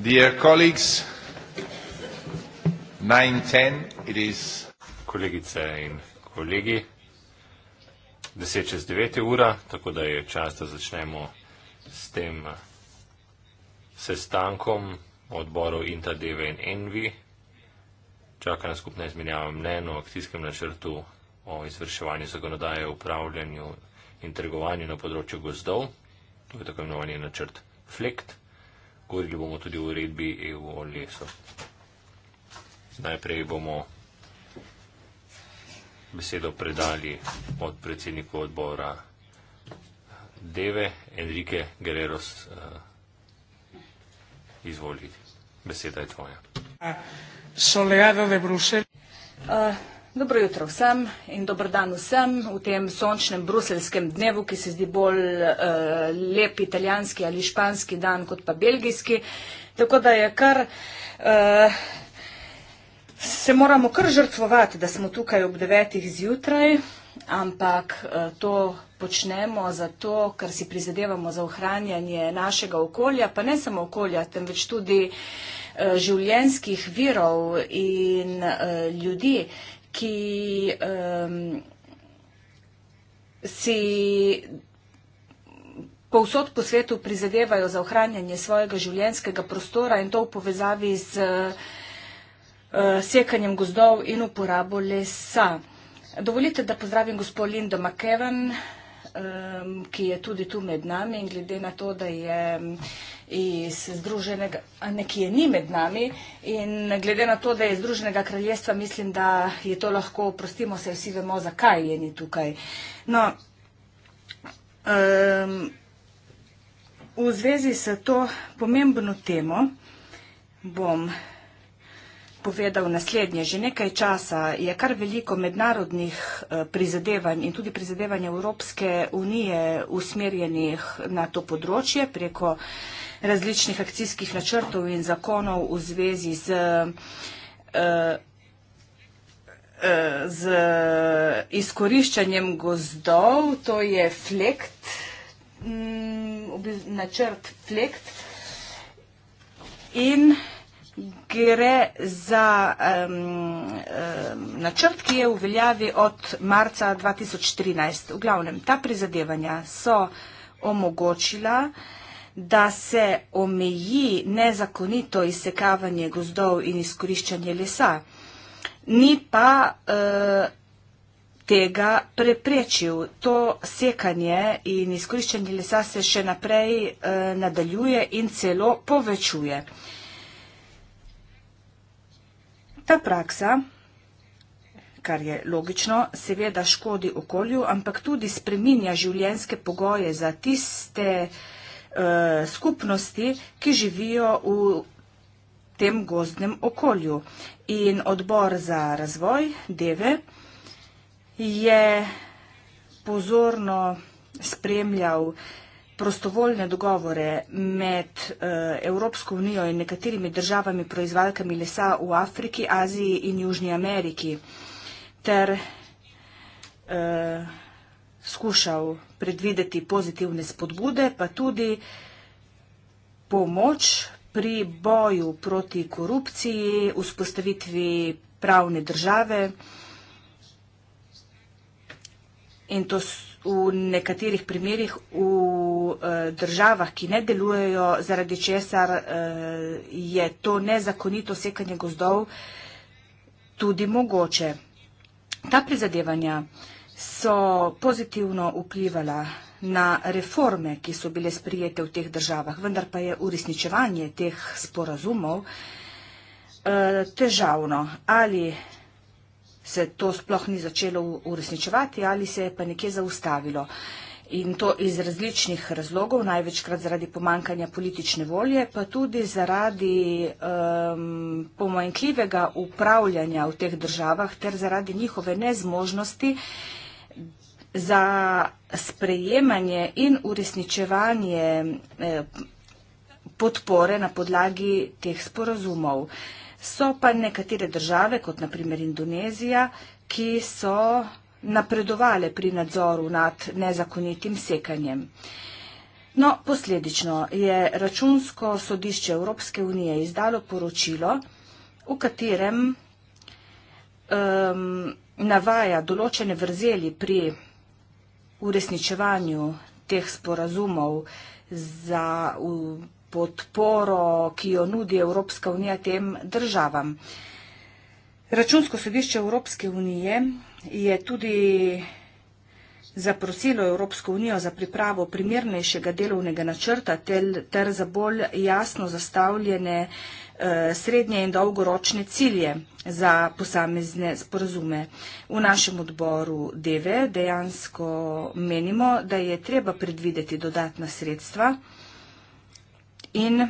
Kolegice in kolegi, deset čez devet je ura, tako da je čas, da začnemo s tem eh, sestankom odborov Intadeve in Envi. Čaka na skupne izmenjave mnen o akcijskem načrtu o izvrševanju zakonodaje, upravljanju in trgovanju na področju gozdov. To je tako imenovani načrt FLEKT govorili bomo tudi o uredbi EU o lesu. Najprej bomo besedo predali od predsednika odbora Deve, Enrike Gereros. Eh, izvolite, beseda je tvoja. Soleado de Bruselj. Uh, eh, Dobro jutro vsem in dobro dan vsem v tem sončnem bruseljskem dnevu, ki se zdi bolj uh, lep italijanski ali španski dan kot pa belgijski. Tako da je kar. Uh, se moramo kar žrtvovati, da smo tukaj ob devetih zjutraj, ampak uh, to počnemo zato, ker si prizadevamo za ohranjanje našega okolja, pa ne samo okolja, temveč tudi življenskih virov in uh, ljudi, ki um, si povsod po svetu prizadevajo za ohranjanje svojega življenskega prostora in to v povezavi z uh, sekanjem gozdov in uporabo lesa. Dovolite, da pozdravim gospod Lindo Makeven, um, ki je tudi tu med nami in glede na to, da je. Um, iz Združenega, nekje ni med nami in glede na to, da je iz Združenega kraljestva, mislim, da je to lahko, prostimo se, vsi vemo, zakaj je ni tukaj. No, um, v zvezi s to pomembno temo bom povedal naslednje. Že nekaj časa je kar veliko mednarodnih e, prizadevanj in tudi prizadevanja Evropske unije usmerjenih na to področje preko različnih akcijskih načrtov in zakonov v zvezi z, eh, eh, z izkoriščanjem gozdov, to je flekt, mm, načrt flekt in gre za um, um, načrt, ki je v veljavi od marca 2013. V glavnem, ta prizadevanja so omogočila uh, da se omeji nezakonito izsekavanje gozdov in izkoriščanje lesa. Ni pa e, tega preprečil. To sekanje in izkoriščanje lesa se še naprej e, nadaljuje in celo povečuje. Ta praksa, kar je logično, seveda škodi okolju, ampak tudi spreminja življenjske pogoje za tiste, ki Eh, skupnosti, ki živijo v tem gozdnem okolju. In odbor za razvoj Deve je pozorno spremljal prostovoljne dogovore med eh, Evropsko unijo in nekaterimi državami proizvalkami lesa v Afriki, Aziji in Južnji Ameriki ter eh, skušal predvideti pozitivne spodbude, pa tudi pomoč pri boju proti korupciji, vzpostavitvi pravne države in to v nekaterih primerjih v eh, državah, ki ne delujejo, zaradi česar eh, je to nezakonito sekanje gozdov tudi mogoče. Ta prizadevanja, ki je so pozitivno vplivala na reforme, ki so bile sprijete v teh državah, vendar pa je uresničevanje teh sporazumov eh, težavno. Ali se to sploh ni začelo uresničevati ali se je pa nekje zaustavilo. In to iz različnih razlogov, največkrat zaradi pomankanja politične volje, pa tudi zaradi um, pomanjkljivega upravljanja v teh državah ter zaradi njihove nezmožnosti uh, za sprejemanje in uresničevanje eh, podpore na podlagi teh sporazumov. So pa nekatere države, kot naprimer Indonezija, ki so napredovale pri nadzoru nad nezakonitim sekanjem. No, posledično je Računsko sodišče Evropske unije izdalo poročilo, v katerem um, navaja določene vrzeli pri uresničevanju teh sporazumov, za podporo, ki jo nudi Evropska unija tem državam. Računsko sodišče Evropske unije je tudi zaprosilo Evropsko unijo za pripravo primernejšega delovnega načrta ter, ter za bolj jasno zastavljene eh, srednje in dolgoročne cilje za posamezne sporazume. V našem odboru DEVE dejansko menimo, da je treba predvideti dodatna sredstva in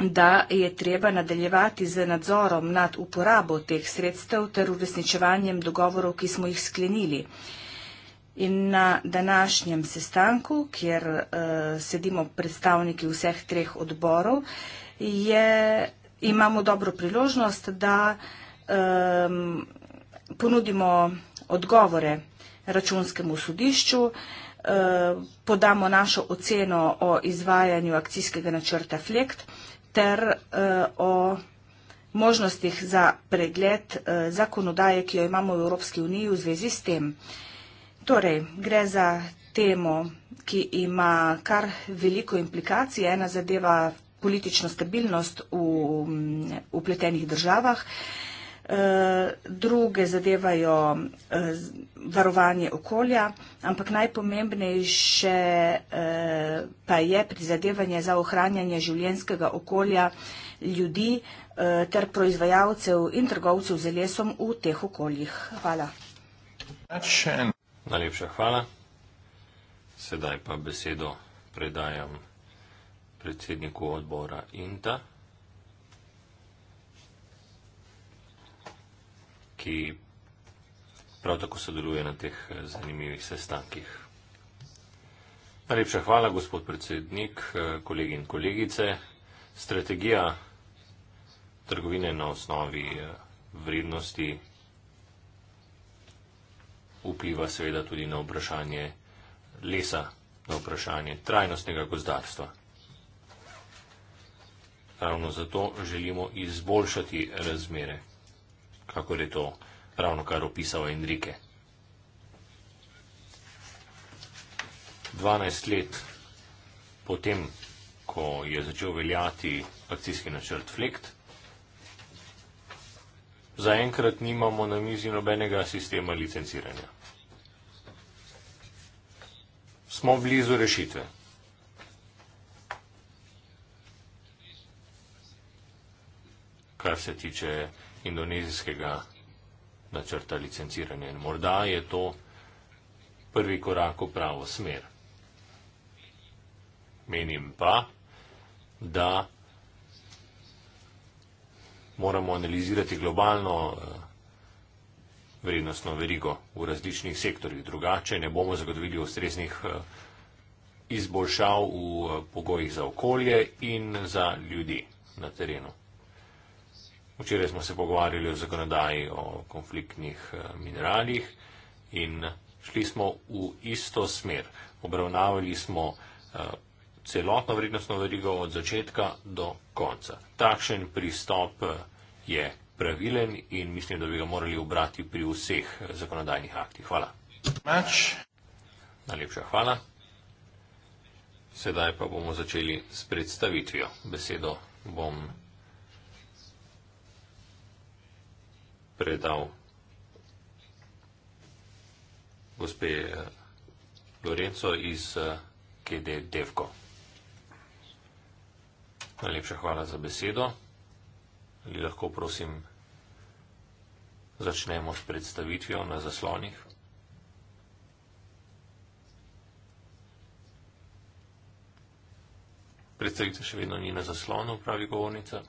da je treba nadaljevati z nadzorom nad uporabo teh sredstev ter uresničevanjem dogovorov, ki smo jih sklenili. Uh, In na današnjem sestanku, kjer uh, sedimo predstavniki vseh treh odborov, je, imamo dobro priložnost, da um, ponudimo odgovore računskemu sodišču, uh, podamo našo oceno o izvajanju akcijskega načrta FLEKT ter uh, o možnostih za pregled uh, zakonodaje, ki jo imamo v Evropski uniji v zvezi s tem. Uh, Torej, gre za temo, ki ima kar veliko implikacije. Ena zadeva politično stabilnost v upletenih državah, e, druge zadevajo e, varovanje okolja, ampak najpomembnejše e, pa je prizadevanje za ohranjanje življenskega okolja ljudi ter proizvajalcev in trgovcev z lesom v teh okoljih. Hvala. That's Shen. Najlepša hvala. Sedaj pa besedo predajam predsedniku odbora INTA, ki prav tako sodeluje na teh zanimivih sestankih. Najlepša hvala, gospod predsednik, kolegi in kolegice. Strategija trgovine na osnovi eh, vrednosti vpliva seveda tudi na vprašanje lesa, na vprašanje trajnostnega gozdarstva. Ravno zato želimo izboljšati razmere, kako je to ravno kar opisal Enrike. 12 let potem, ko je začel veljati akcijski načrt FLEKT, zaenkrat nimamo na mizi nobenega sistema licenciranja. Smo blizu rešitve. kar se tiče indonezijskega načrta licenciranja. In morda je to prvi korak v pravo smer. Menim pa, da moramo analizirati globalno eh, vrednostno verigo v različnih sektorjih. Drugače ne bomo zagotovili ustreznih eh, izboljšav v eh, pogojih za okolje in za ljudi na terenu. Včeraj smo se pogovarjali o zakonodaji o konfliktnih mineralih in šli smo v isto smer. Obravnavali smo celotno vrednostno verigo od začetka do konca. Takšen pristop eh, je pravilen in mislim, da bi ga morali obrati pri vseh eh, zakonodajnih aktih. Hvala. Mač. Najlepša hvala. Sedaj pa bomo začeli s predstavitvijo. Besedo bom predal gospe eh, Lorenzo iz KD Devko. Najlepša hvala za besedo. Ali lahko prosim začnemo s predstavitvijo na zaslonih? Predstavitve še vedno ni na zaslonu, pravi govornica.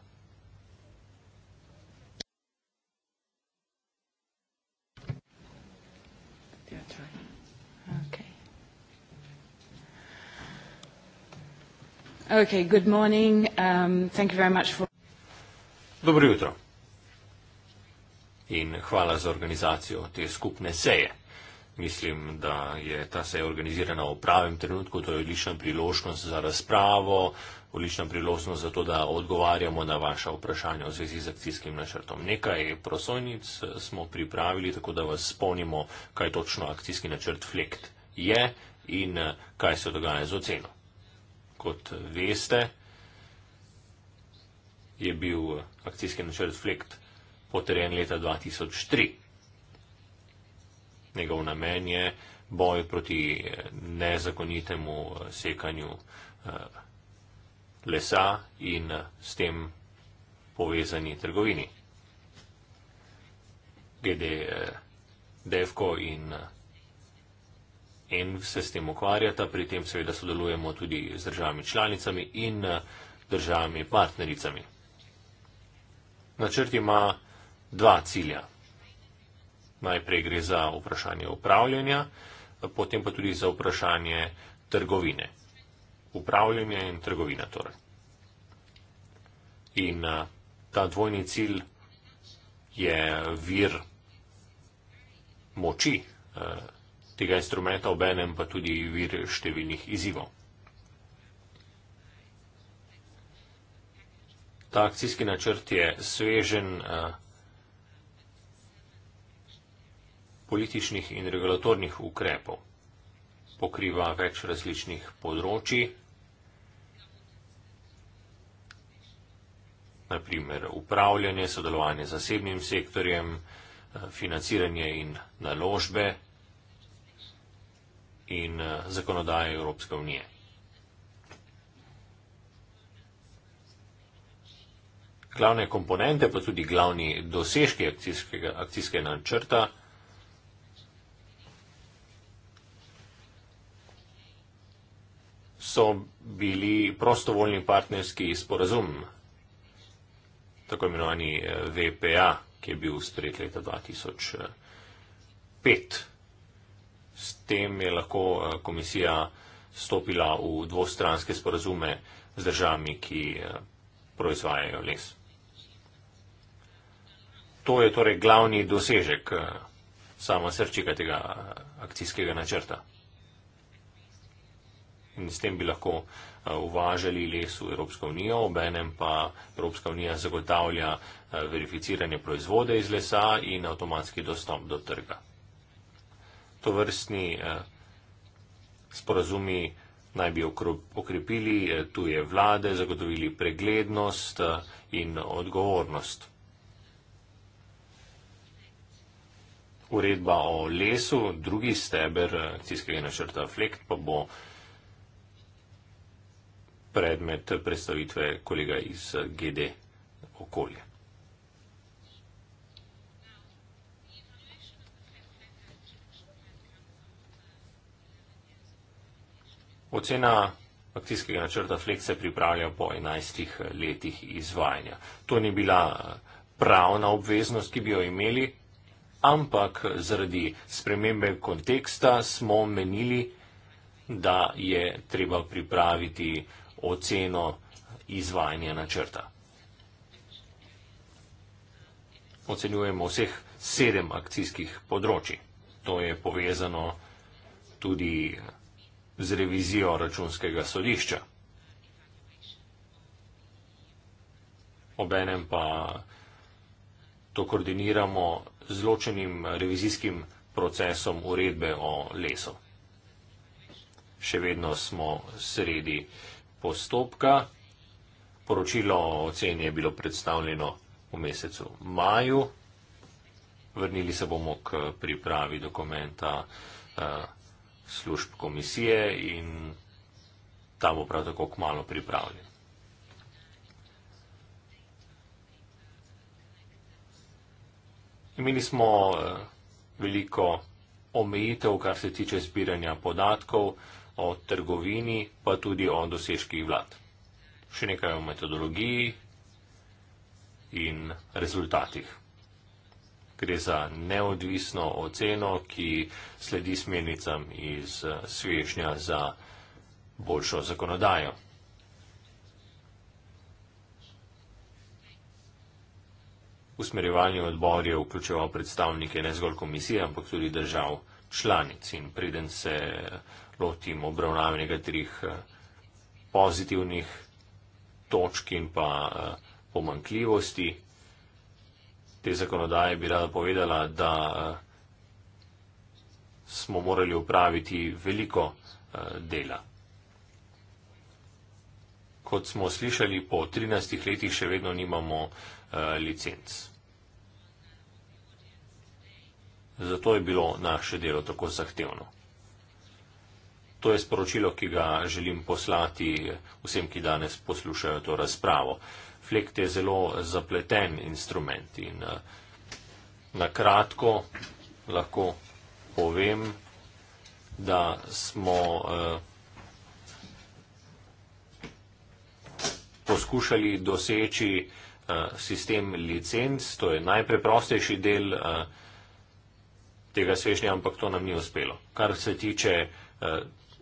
Okay, good morning. Um, thank you very much for... Dobro jutro. In hvala za organizacijo te skupne seje. Mislim, da je ta seja organizirana v pravem trenutku, to je odlična priložnost za razpravo, odlična priložnost za to, da odgovarjamo na vaše vprašanje v zvezi z akcijskim načrtom. Nekaj prosojnic smo pripravili, tako da vas spomnimo, kaj točno akcijski načrt FLEKT je in kaj se dogaja z oceno kot veste, je bil akcijski načrt Flekt potrjen leta 2003. Njegov namen je boj proti nezakonitemu sekanju eh, lesa in eh, s tem povezani trgovini. Glede Devko eh, in in se s tem ukvarjata. Pri tem seveda sodelujemo tudi z državami članicami in eh, državami partnericami. Načrt ima dva cilja. Najprej gre za vprašanje upravljanja, potem pa tudi za vprašanje trgovine. Upravljanje in trgovina torej. In eh, ta dvojni cilj je vir moči eh, tega instrumenta, obenem pa tudi vir številnih izzivov. Ta akcijski načrt je svežen eh, političnih in regulatornih ukrepov. Pokriva več različnih področji, naprimer upravljanje, sodelovanje z zasebnim sektorjem, eh, financiranje in naložbe, in eh, zakonodaje Evropske unije. Glavne komponente, pa tudi glavni dosežki akcijskega, akcijskega načrta so bili prostovoljni partnerski sporazum, tako imenovani eh, VPA, ki je bil sprejet leta 2005. S tem je lahko eh, komisija stopila v dvostranske sporazume z državami, ki eh, proizvajajo les. To je torej glavni dosežek eh, sama srčika tega akcijskega načrta. In s tem bi lahko uvažali les v Evropsko unijo, obenem pa Evropska unija zagotavlja verificiranje proizvode iz lesa in avtomatski dostop do trga. To vrstni eh, sporazumi naj bi okrepili eh, tuje vlade, zagotovili preglednost eh, in odgovornost. Uredba o lesu, drugi steber akcijskega načrta Flekt pa bo predmet predstavitve kolega iz GD okolje. Ocena akcijskega načrta Flex se pripravlja po 11 letih izvajanja. To ni bila eh, pravna obveznost, ki bi jo imeli, ampak zaradi spremembe konteksta smo menili, da je treba pripraviti oceno izvajanja načrta. Ocenjujemo vseh sedem akcijskih področji. To je povezano tudi z revizijo računskega sodišča. Obenem pa to koordiniramo z ločenim revizijskim procesom uredbe o lesu. Še vedno smo sredi postopka. Poročilo o oceni je bilo predstavljeno v mesecu maju. Vrnili se bomo k pripravi dokumenta. Uh, služb komisije in ta bo prav tako kmalo pripravljen. Imeli smo eh, veliko omejitev, kar se tiče zbiranja podatkov o trgovini, pa tudi o dosežkih vlad. Še nekaj o metodologiji in rezultatih. Gre za neodvisno oceno, ki sledi smernicam iz eh, svežnja za boljšo zakonodajo. Usmerjevalni odbor je vključeval predstavnike ne zgolj komisije, ampak tudi držav članic in preden se eh, lotim obravnave nekaterih eh, pozitivnih točk in pa pomankljivosti te zakonodaje bi rada povedala, da eh, smo morali upraviti veliko eh, dela. Kot smo slišali, po 13 letih še vedno nimamo eh, licenc. Zato je bilo naše delo tako zahtevno. To je sporočilo, ki ga želim poslati vsem, ki danes poslušajo to razpravo. Flekt je zelo zapleten instrument in eh, na kratko lahko povem, da smo eh, poskušali doseči eh, sistem licenc, to je najpreprostejši del tega svešnja, ampak to nam ni uspelo. Kar se tiče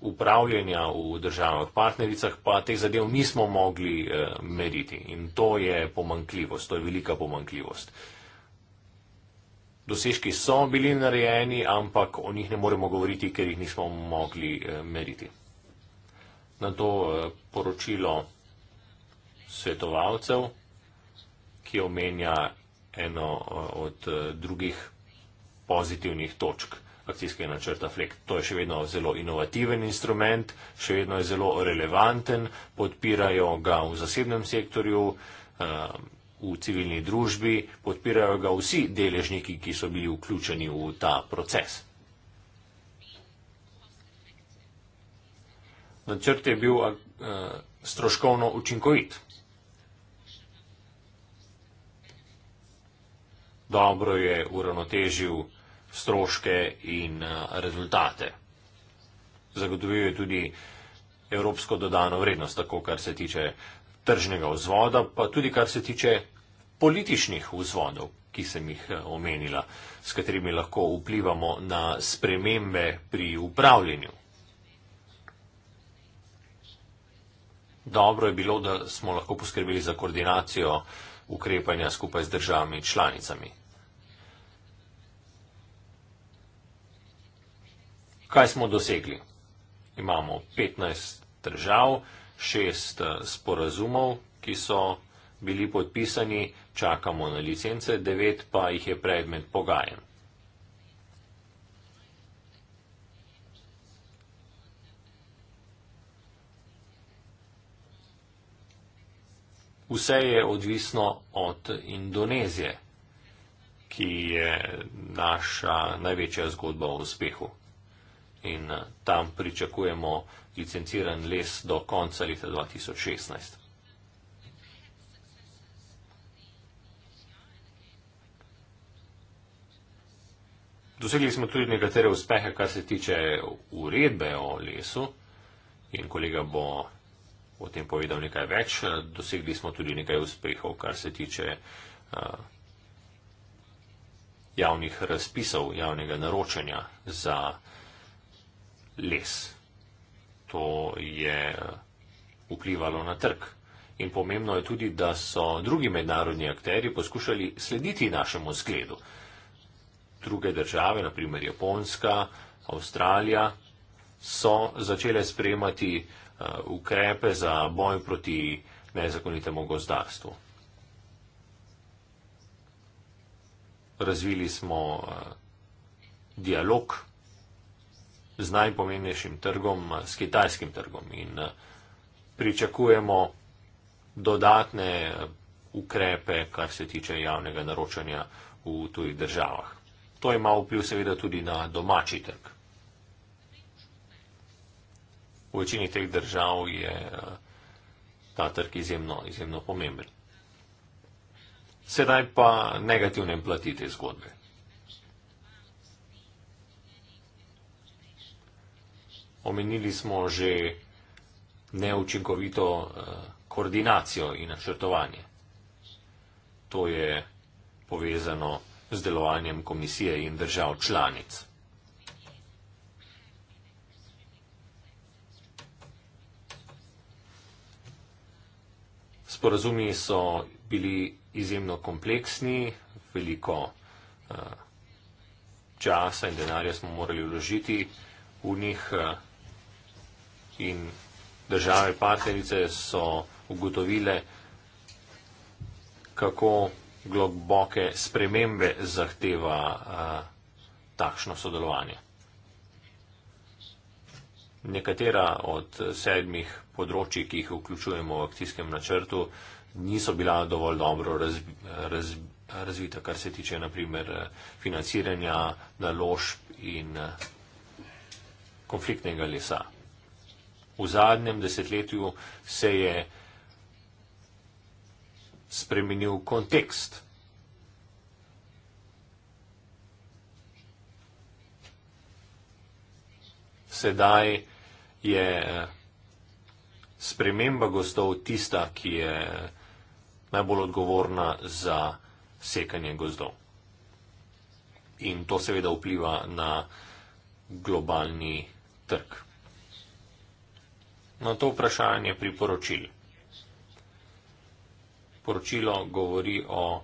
upravljanja v državah partnericah, pa teh zadev nismo mogli eh, meriti. In to je pomankljivost, to je velika pomankljivost. Dosežki so bili narejeni, ampak o njih ne moremo govoriti, ker jih nismo mogli eh, meriti. Na to eh, poročilo svetovalcev, ki omenja eno eh, od eh, drugih pozitivnih točk akcijskega načrta FLEK. To je še vedno zelo inovativen instrument, še vedno je zelo relevanten, podpirajo ga v zasebnem sektorju, eh, v civilni družbi, podpirajo ga vsi deležniki, ki so bili vključeni v ta proces. Načrt je bil eh, stroškovno učinkovit. Dobro je uravnotežil stroške in eh, rezultate. Zagotovijo je tudi evropsko dodano vrednost, tako kar se tiče tržnega vzvoda, pa tudi kar se tiče političnih vzvodov, ki sem jih eh, omenila, s katerimi lahko vplivamo na spremembe pri upravljanju. Dobro je bilo, da smo lahko poskrbeli za koordinacijo ukrepanja skupaj z državami članicami. Kaj smo dosegli? Imamo 15 držav, 6 eh, sporazumov, ki so bili podpisani, čakamo na licence, 9 pa jih je predmet pogajen. Vse je odvisno od Indonezije, ki je naša največja zgodba o uspehu in eh, tam pričakujemo licenciran les do konca leta 2016. Dosegli smo tudi nekatere uspehe, kar se tiče uredbe o lesu in kolega bo o tem povedal nekaj več. Dosegli smo tudi nekaj uspehov, kar se tiče uh, javnih razpisov, javnega naročanja za les. To je eh, vplivalo na trg. In pomembno je tudi, da so drugi mednarodni akteri poskušali slediti našemu zgledu. Druge države, naprimer Japonska, Avstralija, so začele spremati uh, eh, ukrepe za boj proti nezakonitemu gozdarstvu. Razvili smo uh, dialog z najpomembnejšim trgom, s kitajskim trgom in eh, pričakujemo dodatne eh, ukrepe, kar se tiče javnega naročanja v tujih državah. To ima vpliv seveda tudi na domači trg. V večini teh držav je eh, ta trg izjemno, izjemno pomemben. Sedaj pa negativne plati te zgodbe. omenili smo že neučinkovito eh, koordinacijo in načrtovanje. To je povezano z delovanjem komisije in držav članic. Sporazumi so bili izjemno kompleksni, veliko eh, časa in denarja smo morali vložiti v njih. Eh, in države partnerice so ugotovile, kako globoke spremembe zahteva a, eh, takšno sodelovanje. Nekatera od sedmih področji, ki jih vključujemo v akcijskem načrtu, niso bila dovolj dobro raz, raz, razvita, kar se tiče naprimer financiranja naložb in konfliktnega lesa. V zadnjem desetletju se je spremenil kontekst. Sedaj je eh, sprememba gozdov tista, ki je eh, najbolj odgovorna za sekanje gozdov. In to seveda vpliva na globalni trg na to vprašanje pri poročil. Poročilo govori o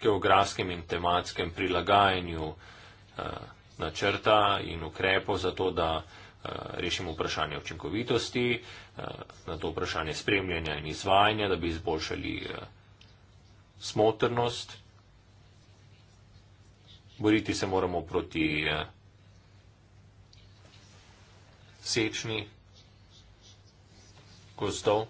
geografskem in tematskem prilagajanju eh, načrta in ukrepo za to, da eh, rešimo vprašanje učinkovitosti, eh, na to vprašanje spremljanja in izvajanja, da bi izboljšali smotrnost. Boriti se moramo proti sečni gozdov,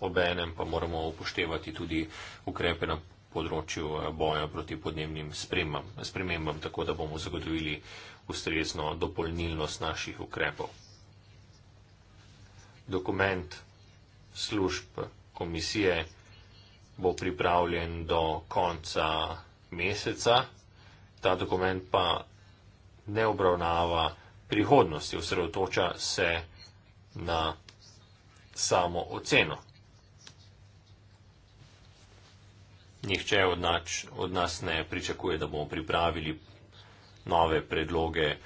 obenem pa moramo upoštevati tudi ukrepe na področju eh, boja proti podnebnim spremem, spremembam, tako da bomo zagotovili ustrezno dopolnilnost naših ukrepov. Dokument služb komisije bo pripravljen do konca meseca. Ta dokument pa ne obravnava prihodnosti, osredotoča se na samo oceno. Nihče od, nač, od nas ne pričakuje, da bomo pripravili nove predloge eh,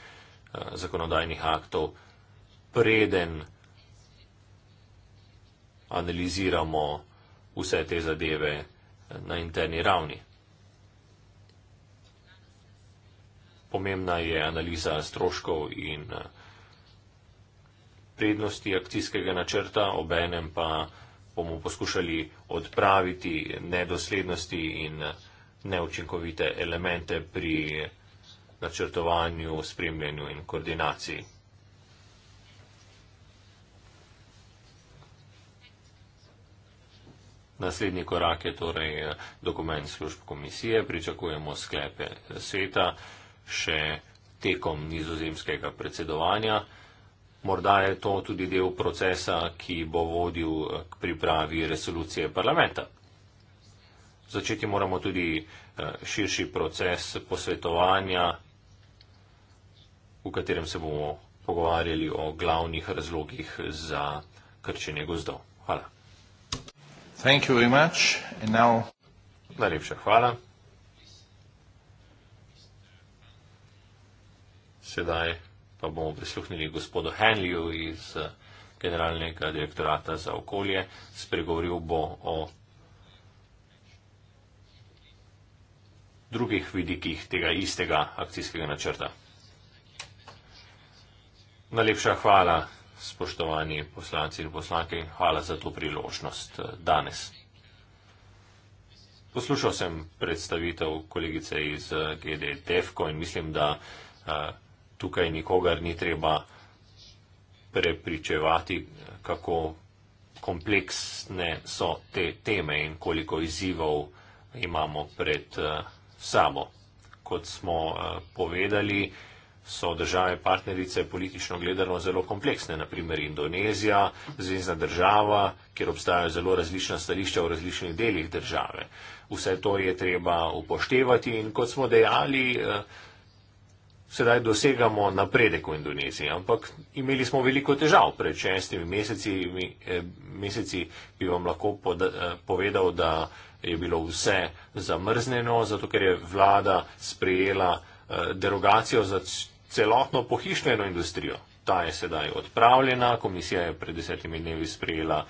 zakonodajnih aktov, preden analiziramo vse te zadeve eh, na interni ravni. pomembna je analiza stroškov in eh, prednosti akcijskega načrta, obenem pa bomo poskušali odpraviti nedoslednosti in eh, neučinkovite elemente pri načrtovanju, spremljanju in koordinaciji. Naslednji korak je torej eh, dokument služb komisije, pričakujemo sklepe sveta še tekom nizozemskega predsedovanja. Morda je to tudi del procesa, ki bo vodil eh, k pripravi resolucije parlamenta. Začeti moramo tudi eh, širši proces posvetovanja, v katerem se bomo pogovarjali o glavnih razlogih za krčenje gozdov. Hvala. Najlepša hvala. Sedaj pa bomo prisluhnili gospodu Henliju iz eh, Generalnega direktorata za okolje. Spregovoril bo o drugih vidikih tega istega akcijskega načrta. Najlepša hvala, spoštovani poslanci in poslanke, in hvala za to priložnost eh, danes. Poslušal sem predstavitev kolegice iz eh, GD Defko in mislim, da tukaj nikogar ni treba prepričevati, kako kompleksne so te teme in koliko izzivov imamo pred eh, sabo. Kot smo eh, povedali, so države partnerice politično gledano zelo kompleksne, naprimer Indonezija, zvezdna država, kjer obstajajo zelo različna stališča v različnih delih države. Vse to je treba upoštevati in kot smo dejali, eh, sedaj dosegamo napredek v Indoneziji, ampak imeli smo veliko težav pred šestimi meseci, eh, meseci bi vam lahko eh, povedal, da je bilo vse zamrzneno, zato ker je vlada sprejela eh, derogacijo za celotno pohišljeno industrijo. Ta je sedaj odpravljena, komisija je pred desetimi dnevi sprejela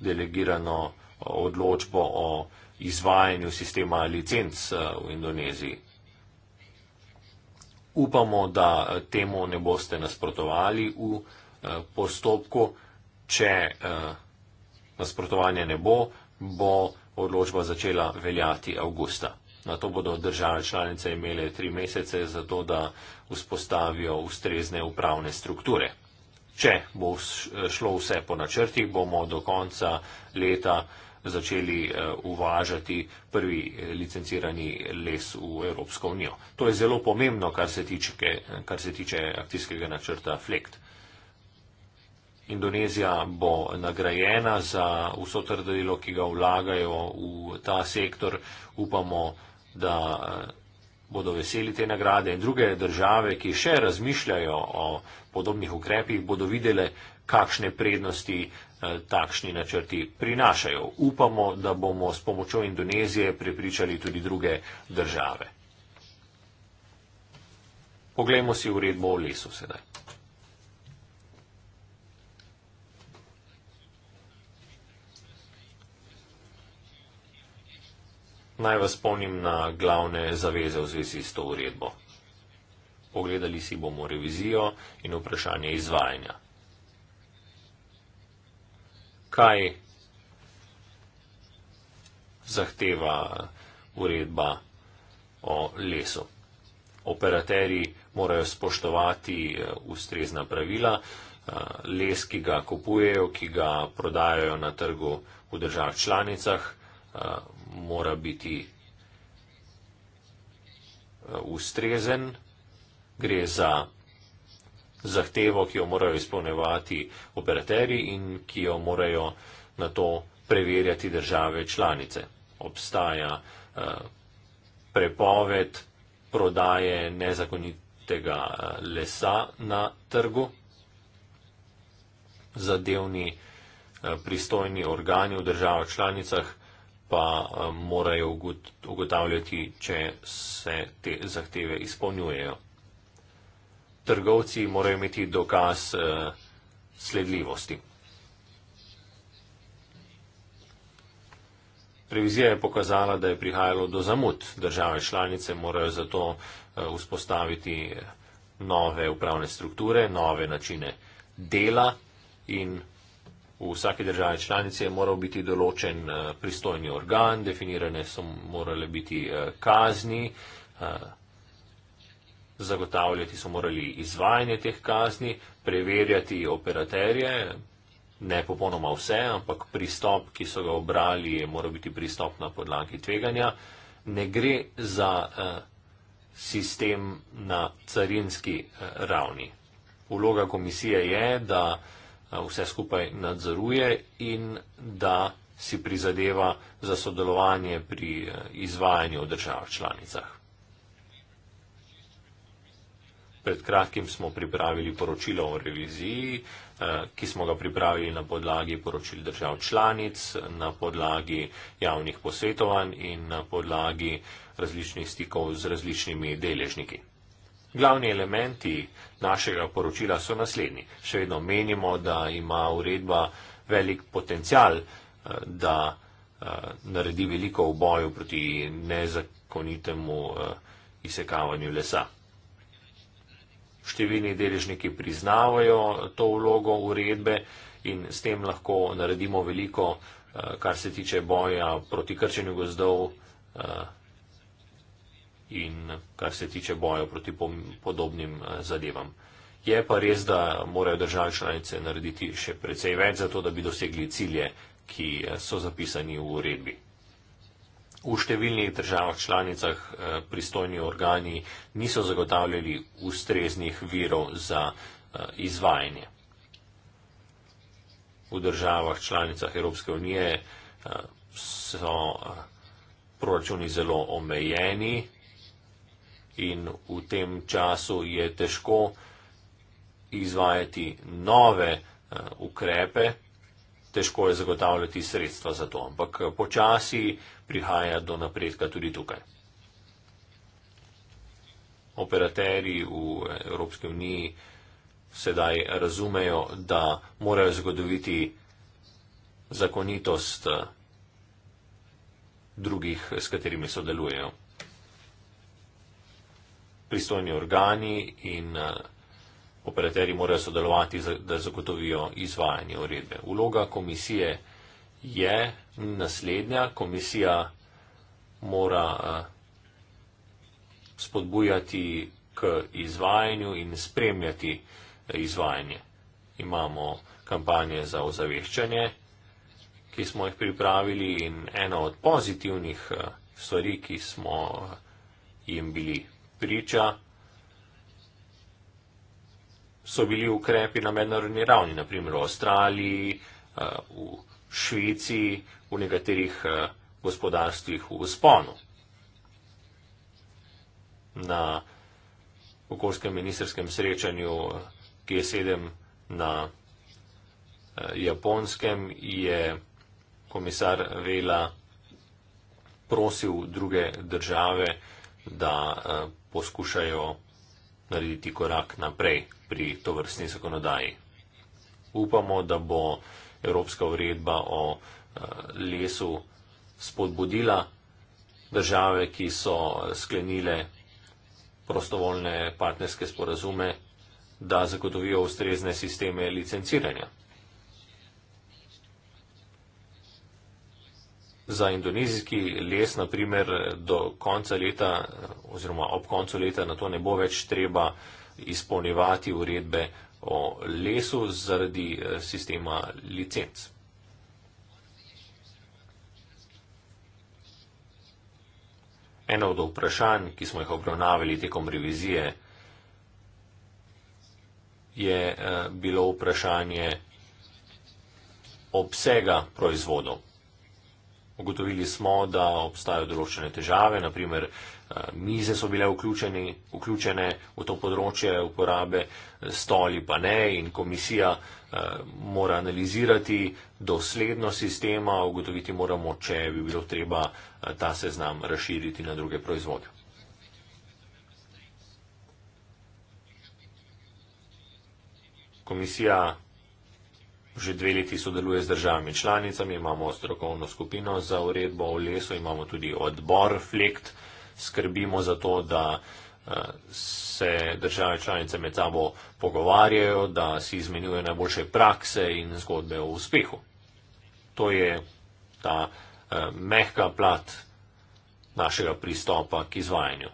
delegirano odločbo o izvajanju sistema licenc v Indoneziji upamo, da eh, temu ne boste nasprotovali v eh, postopku. Če eh, nasprotovanja ne bo, bo odločba začela veljati avgusta. Na to bodo države članice imele tri mesece za to, da vzpostavijo ustrezne upravne strukture. Če bo šlo vse po načrtih, bomo do konca leta začeli eh, uvažati prvi eh, licencirani les v Evropsko unijo. To je zelo pomembno, kar se tiče, kar se tiče akcijskega načrta FLECT. Indonezija bo nagrajena za vso trdo delo, ki ga vlagajo v ta sektor. Upamo, da eh, bodo veseli te nagrade in druge države, ki še razmišljajo o podobnih ukrepih, bodo videle, kakšne prednosti Eh, takšni načrti prinašajo. Upamo, da bomo s pomočjo Indonezije prepričali tudi druge države. Poglejmo si uredbo o lesu sedaj. Naj vas spomnim na glavne zaveze v zvezi s to uredbo. Pogledali si bomo revizijo in vprašanje izvajanja kaj zahteva uredba o lesu. Operateri morajo spoštovati eh, ustrezna pravila. Eh, les, ki ga kupujejo, ki ga prodajajo na trgu v državah članicah, eh, mora biti ustrezen. Gre za zahtevo, ki jo morajo izpolnevati operateri in ki jo morajo na to preverjati države članice. Obstaja eh, prepoved prodaje nezakonitega eh, lesa na trgu. Zadevni eh, pristojni organi v državah članicah pa morajo ugotavljati, če se te zahteve izpolnjujejo trgovci morajo imeti dokaz uh, sledljivosti. Revizija je pokazala, da je prihajalo do zamud. Države članice morajo zato uh, vzpostaviti eh, nove upravne strukture, nove načine dela in v vsaki državi članici je moral biti določen uh, pristojni organ, definirane so morale biti uh, kazni. Uh, zagotavljati so morali izvajanje teh kazni, preverjati operaterje, ne popolnoma vse, ampak pristop, ki so ga obrali, je moral biti pristop na podlagi tveganja. Ne gre za eh, sistem na carinski eh, ravni. Uloga komisije je, da eh, vse skupaj nadzoruje in da si prizadeva za sodelovanje pri eh, izvajanju v državah članicah. Pred kratkim smo pripravili poročilo o reviziji, eh, ki smo ga pripravili na podlagi poročil držav članic, na podlagi javnih posvetovanj in na podlagi različnih stikov z različnimi deležniki. Glavni elementi našega poročila so naslednji. Še vedno menimo, da ima uredba velik potencial, eh, da eh, naredi veliko v boju proti nezakonitemu izsekavanju lesa številni deležniki priznavajo to vlogo uredbe in s tem lahko naredimo veliko, eh, kar se tiče boja proti krčenju gozdov eh, in kar se tiče boja proti podobnim eh, zadevam. Je pa res, da morajo države članice narediti še precej več za to, da bi dosegli cilje, ki so zapisani v uredbi. V številnih državah članicah eh, pristojni organi niso zagotavljali ustreznih virov za eh, izvajanje. V državah članicah Evropske unije eh, so proračuni zelo omejeni in v tem času je težko izvajati nove ukrepe, težko je zagotavljati sredstva za to, ampak eh, počasi prihaja do napredka tudi tukaj. Operateri v eh, Evropske unije sedaj razumejo, da morajo zagotoviti zakonitost eh, drugih, s katerimi sodelujejo. Pristojni organi in operaterji morajo sodelovati, da zagotovijo izvajanje uredbe. Vloga komisije je naslednja. Komisija mora spodbujati k izvajanju in spremljati izvajanje. Imamo kampanje za ozaveščanje, ki smo jih pripravili in ena od pozitivnih stvari, ki smo jim bili priča, so bili ukrepi na mednarodni ravni, naprimer v Avstraliji, eh, v Švici, v nekaterih eh, gospodarstvih v usponu. Na okoljskem ministerskem srečanju eh, G7 na Japonskem je komisar Vela prosil druge države, da poskušajo narediti korak naprej pri to vrstni zakonodaji. Upamo, da bo Evropska uredba o eh, lesu spodbudila države, ki so eh, sklenile prostovoljne partnerske sporazume, da zagotovijo ustrezne sisteme licenciranja. za indonezijski les, naprimer, do konca leta oziroma ob koncu leta na to ne bo več treba izpolnjevati uredbe o lesu zaradi eh, sistema licenc. Eno od vprašanj, ki smo jih obravnavali tekom revizije, je eh, bilo vprašanje obsega proizvodov. Ugotovili smo, da obstajajo določene težave, naprimer eh, mize so bile vključeni, vključene v to področje uporabe, stoli pa ne in komisija eh, mora analizirati dosledno sistema, ugotoviti moramo, če bi bilo treba eh, ta seznam razširiti na druge proizvode. Komisija že dve leti sodeluje z državami članicami, imamo strokovno skupino za uredbo v lesu, imamo tudi odbor Flekt, skrbimo za to, da eh, se države članice med sabo pogovarjajo, da si izmenjujejo najboljše prakse in zgodbe o uspehu. To je ta eh, mehka plat našega pristopa k izvajanju.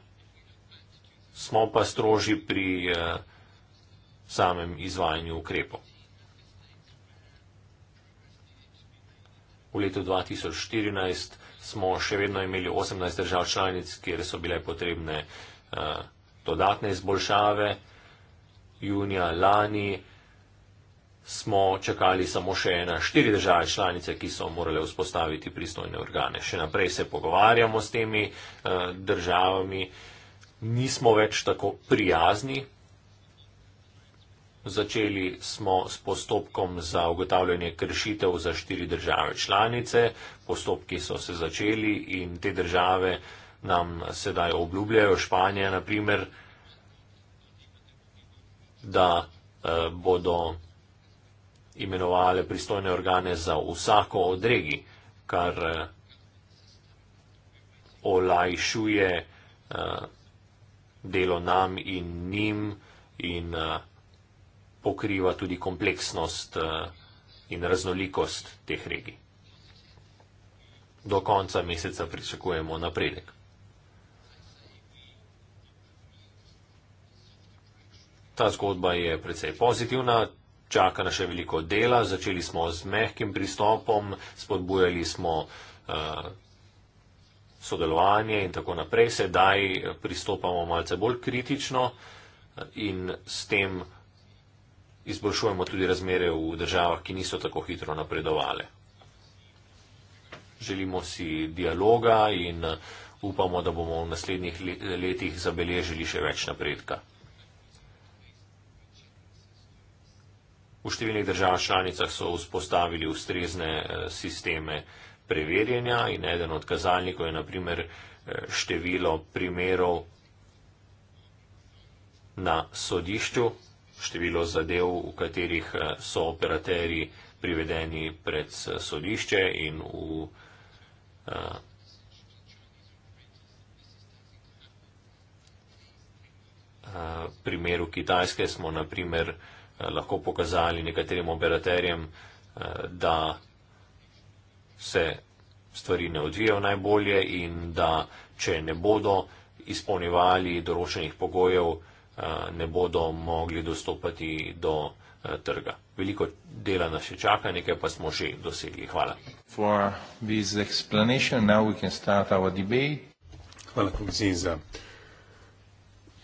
Smo pa stroži pri eh, samem izvajanju ukrepov. V letu 2014 smo še vedno imeli 18 držav članic, kjer so bile potrebne eh, dodatne izboljšave. Junija lani smo čakali samo še na štiri države članice, ki so morale vzpostaviti pristojne organe. Še naprej se pogovarjamo s temi eh, državami. Nismo več tako prijazni, Začeli smo s postopkom za ugotavljanje kršitev za štiri države članice. Postopki so se začeli in te države nam sedaj obljubljajo, Španija naprimer, da eh, bodo imenovali pristojne organe za vsako od regij, kar eh, olajšuje eh, delo nam in njim in eh, pokriva tudi kompleksnost eh, in raznolikost teh regij. Do konca meseca pričakujemo napredek. Ta zgodba je precej pozitivna, čaka na še veliko dela, začeli smo z mehkim pristopom, spodbujali smo uh, sodelovanje in tako naprej, sedaj pristopamo malce bolj kritično eh, in s tem izboljšujemo tudi razmere v državah, ki niso tako hitro napredovale. Želimo si dialoga in uh, upamo, da bomo v naslednjih letih zabeležili še več napredka. V številnih državah članicah so vzpostavili ustrezne uh, sisteme preverjanja in eden od kazalnikov je naprimer uh, število primerov na sodišču, število zadev, v katerih eh, so operateri privedeni pred eh, sodišče in v eh, primeru Kitajske smo naprimer lahko pokazali nekaterim operaterjem, da se stvari ne odvijajo najbolje in da če ne bodo izpolnjevali določenih pogojev, ne bodo mogli dostopati do trga. Veliko dela nas še čaka, nekaj pa smo že dosegli. Hvala. Hvala komisiji za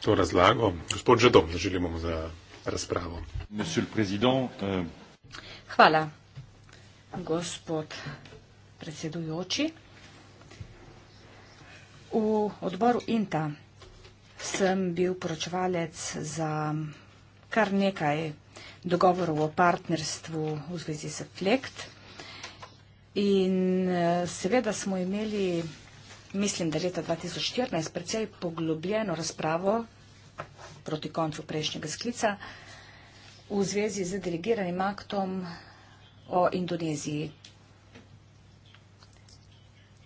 to razlago. Gospod Žedom, želimo za razpravo. Eh. Hvala, gospod predsedujoči. V odboru INTA sem bil poročevalec za kar nekaj dogovorov o partnerstvu v zvezi s Flekt. In eh, seveda smo imeli, mislim, da leta 2014 precej poglobljeno razpravo proti koncu prejšnjega sklica v zvezi z delegiranim aktom o Indoneziji.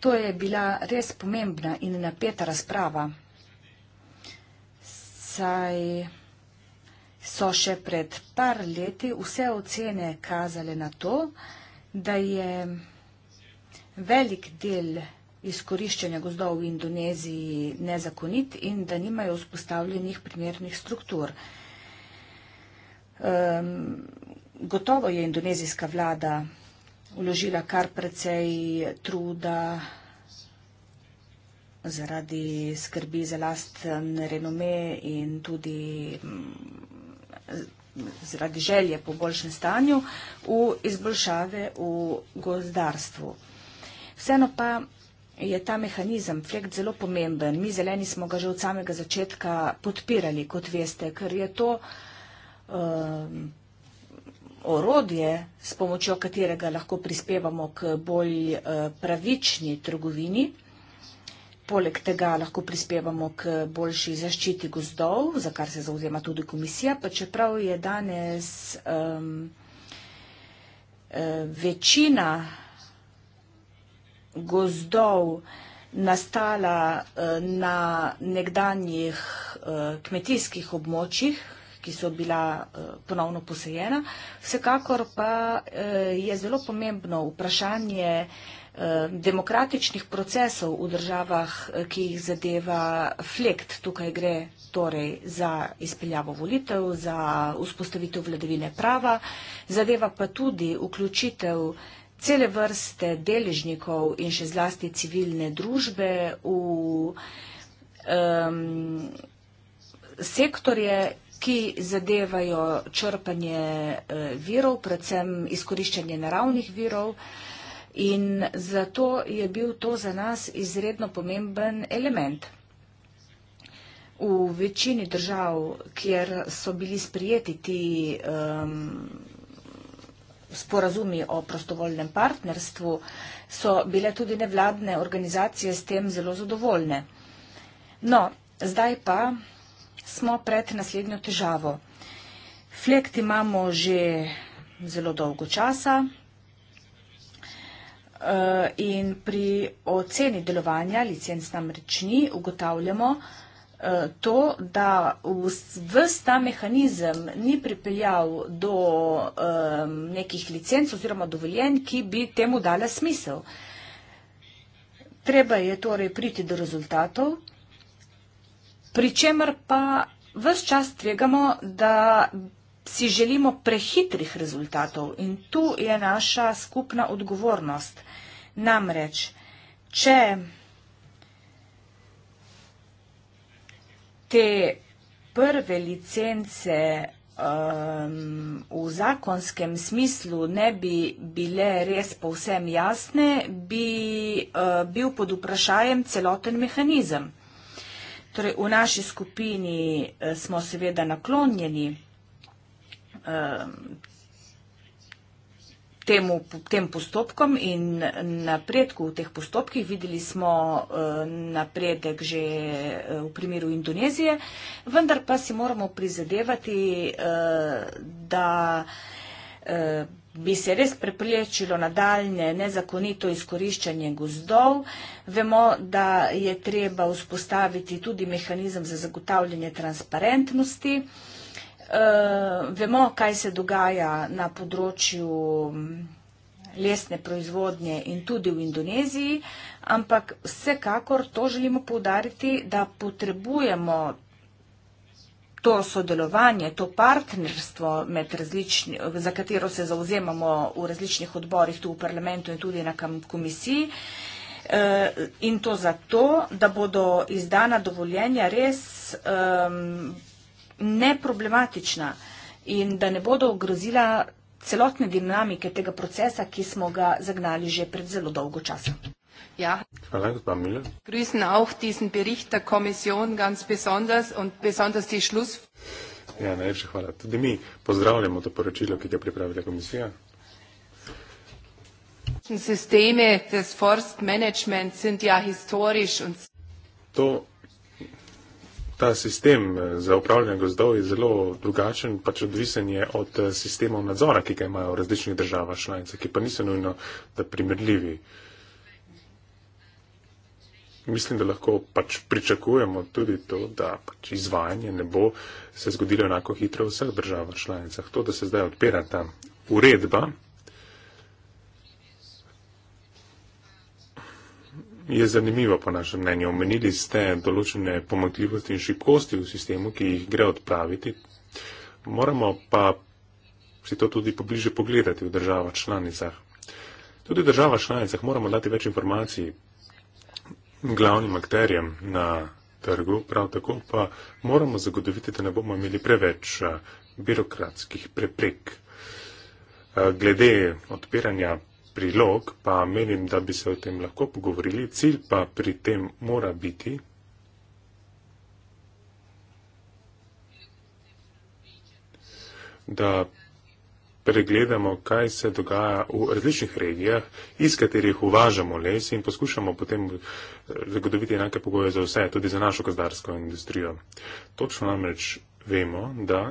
To je bila res pomembna in napeta razprava saj so še pred par leti vse ocene kazale na to, da je velik del izkoriščenja gozdov v Indoneziji nezakonit in da nimajo vzpostavljenih primernih struktur. Um, gotovo je indonezijska vlada uložila kar precej truda zaradi skrbi za lasten renome in tudi mm, zaradi želje po boljšem stanju v izboljšave v gozdarstvu. Vseeno pa je ta mehanizem, flekt, zelo pomemben. Mi zeleni smo ga že od samega začetka podpirali, kot veste, ker je to um, orodje, s pomočjo katerega lahko prispevamo k bolj uh, pravični trgovini. Poleg tega lahko prispevamo k boljši zaščiti gozdov, za kar se zauzema tudi komisija, pa čeprav je danes um, eh, večina gozdov nastala eh, na nekdanjih eh, kmetijskih območjih, ki so bila ponovno posejena. Vsekakor pa je zelo pomembno vprašanje, Eh, demokratičnih procesov v državah, eh, ki jih zadeva flekt. Tukaj gre torej za izpeljavo volitev, za vzpostavitev vladavine prava, zadeva pa tudi vključitev cele vrste deležnikov in še zlasti civilne družbe v um, sektorje, ki zadevajo črpanje eh, virov, predvsem izkoriščanje naravnih virov. In zato je bil to za nas izredno pomemben element. V večini držav, kjer so bili sprijeti ti um, sporazumi o prostovoljnem partnerstvu, so bile tudi nevladne organizacije s tem zelo zadovoljne. No, zdaj pa smo pred naslednjo težavo. Flekt imamo že zelo dolgo časa, Eh, in pri oceni delovanja licenc namreč ni, ugotavljamo eh, to, da vst ta mehanizem ni pripeljal do eh, nekih licenc oziroma dovoljen, ki bi temu dala smisel. Treba je torej priti do rezultatov, pričemer pa vst čas tvegamo, da bi si želimo prehitrih rezultatov in tu je naša skupna odgovornost. Namreč, če te prve licence um, v zakonskem smislu ne bi bile res povsem jasne, bi uh, bil pod vprašajem celoten mehanizem. Torej, v naši skupini uh, smo seveda naklonjeni Ehm, temu, tem postopkom in napredku v teh postopkih. Videli smo eh, napredek že eh, v primeru Indonezije, vendar pa si moramo prizadevati, eh, da bi se res preprečilo nadaljne nezakonito izkoriščanje gozdov. Vemo, da je treba vzpostaviti tudi mehanizem za zagotavljanje transparentnosti. Eh, vemo, kaj se dogaja na področju mm, lesne proizvodnje in tudi v Indoneziji, ampak vsekakor to želimo povdariti, da potrebujemo to sodelovanje, to partnerstvo, različni, za katero se zauzemamo v različnih odborih tu v parlamentu in tudi na komisiji. Eh, in to zato, da bodo izdana dovoljenja res um, neproblematična in da ne bodo ogrozila celotne dinamike tega procesa, ki smo ga zagnali že pred zelo dolgo časa. Ja. Hvala, gospod Miller. Grüßen auch diesen Bericht der Kommission ganz besonders und besonders die Schluss. Ja, najlepša hvala. Tudi mi pozdravljamo to poročilo, ki ga je pripravila komisija. Sisteme des Forstmanagements sind ja historisch und... To ta sistem eh, za upravljanje gozdov je zelo drugačen, pač odvisen je od eh, sistemov nadzora, ki ga imajo v različnih državah članice, ki pa niso nujno primerljivi. Mislim, da lahko pač pričakujemo tudi to, da pač izvajanje ne bo se zgodilo enako hitro v vseh državah članicah. To, da se zdaj odpira ta uredba, je zanimivo, po našem mnenju. Omenili ste določene pomakljivosti in šibkosti v sistemu, ki jih gre odpraviti. Moramo pa si to tudi pobliže pogledati v državah članicah. Tudi v državah članicah moramo dati več informacij glavnim akterjem na trgu, prav tako pa moramo zagotoviti, da ne bomo imeli preveč eh, birokratskih preprek. Eh, glede odpiranja prilog, pa menim, da bi se o tem lahko pogovorili, cilj pa pri tem mora biti. da pregledamo, kaj se dogaja v različnih regijah, iz katerih uvažamo les in poskušamo potem eh, zagotoviti enake pogoje za vse, tudi za našo gazdarsko industrijo. Točno namreč vemo, da